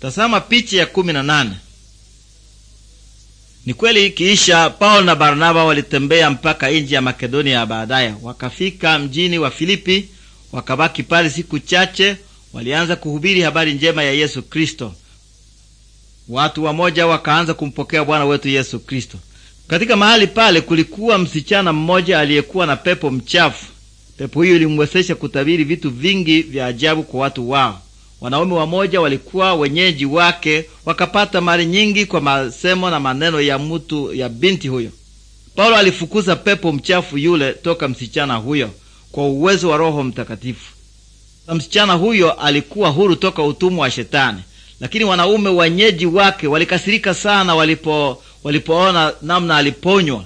Tazama picha ya kumi na nane. Ni kweli ikiisha, Paulo na Barnaba walitembea mpaka inji ya Makedonia ya baadaye, wakafika mjini wa Filipi, wakabaki pale siku chache. Walianza kuhubiri habari njema ya Yesu Kristo. Watu wamoja wakaanza kumpokea Bwana wetu Yesu Kristo. Katika mahali pale kulikuwa msichana mmoja aliyekuwa na pepo mchafu. Pepo hiyo ilimwezesha kutabiri vitu vingi vya ajabu kwa watu wao. Wanaume wamoja walikuwa wenyeji wake, wakapata mali nyingi kwa masemo na maneno ya mutu ya binti huyo. Paulo alifukuza pepo mchafu yule toka msichana huyo kwa uwezo wa Roho Mtakatifu. Na msichana huyo alikuwa huru toka utumwa wa Shetani, lakini wanaume wenyeji wake walikasirika sana walipo walipoona namna aliponywa,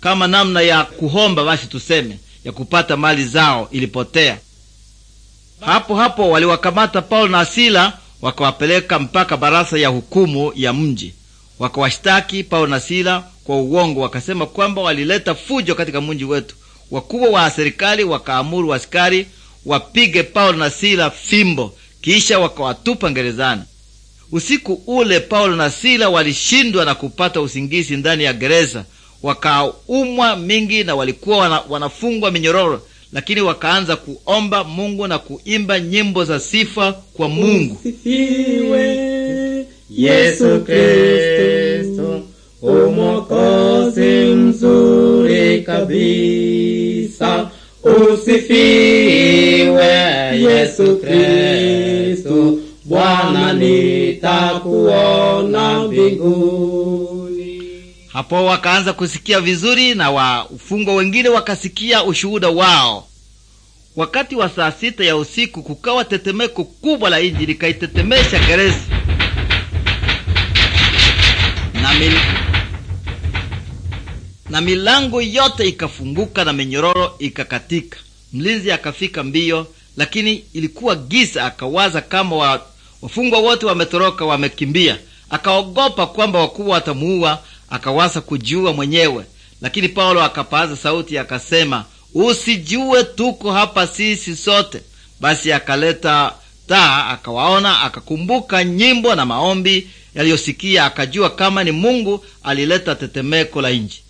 kama namna ya kuhomba, basi tuseme ya kupata mali zao ilipotea. Hapo hapo waliwakamata Paulo na Sila wakawapeleka mpaka barasa ya hukumu ya mji, wakawashtaki Paulo na Sila kwa uwongo, wakasema kwamba walileta fujo katika mji wetu. Wakubwa wa serikali wakaamuru askari wapige Paulo na Sila fimbo, kisha wakawatupa gerezani. Usiku ule Paulo na Sila walishindwa na kupata usingizi ndani ya gereza, wakaumwa mingi na walikuwa wana, wanafungwa minyororo lakini wakaanza kuomba Mungu na kuimba nyimbo za sifa kwa Mungu. Usifiwe Yesu Kristo, umokozi mzuri kabisa. Usifiwe Yesu Kristo, Bwana nitakuona mbinguni. Hapo wakaanza kusikia vizuri na wafungwa wengine wakasikia ushuhuda wao. Wakati wa saa sita ya usiku kukawa tetemeko kubwa la inji likaitetemesha gereza na, mil... na milango yote ikafunguka na minyororo ikakatika. Mlinzi akafika mbio, lakini ilikuwa giza. Akawaza kama wa... wafungwa wote wametoroka, wamekimbia. Akaogopa kwamba wakuwa watamuua, akawasa kujua mwenyewe, lakini Paulo akapaza sauti akasema, usijue tuko hapa sisi sote. Basi akaleta taa, akawaona, akakumbuka nyimbo na maombi yaliyosikia, akajua kama ni Mungu alileta tetemeko la nji.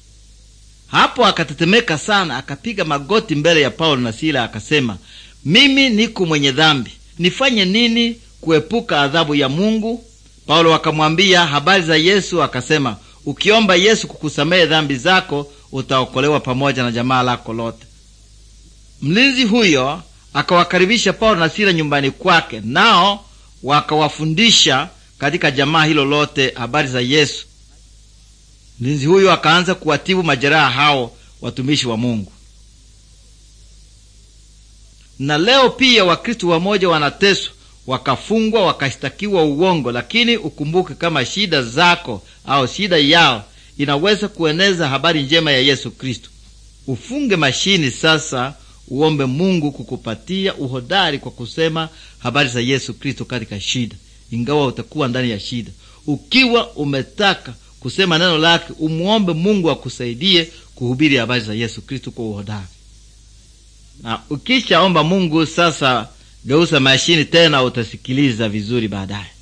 Hapo akatetemeka sana, akapiga magoti mbele ya Paulo na Sila akasema, mimi niko mwenye dhambi, nifanye nini kuepuka adhabu ya Mungu? Paulo akamwambia habari za Yesu, akasema ukiomba Yesu kukusamehe dhambi zako utaokolewa pamoja na jamaa lako lote. Mlinzi huyo akawakaribisha Paulo na Sila nyumbani kwake, nao wakawafundisha katika jamaa hilo lote habari za Yesu. Mlinzi huyo akaanza kuwatibu majeraha hao watumishi wa Mungu. Na leo pia Wakristu wamoja wanateswa, wakafungwa, wakashitakiwa uwongo, lakini ukumbuke kama shida zako au shida yao inaweza kueneza habari njema ya Yesu Kristo. Ufunge mashini sasa, uombe Mungu kukupatia uhodari kwa kusema habari za Yesu Kristo katika shida, ingawa utakuwa ndani ya shida. Ukiwa umetaka kusema neno lake, umuombe Mungu akusaidie kuhubiri habari za Yesu Kristo kwa uhodari. Na ukishaomba Mungu sasa, geuza mashini tena, utasikiliza vizuri baadaye.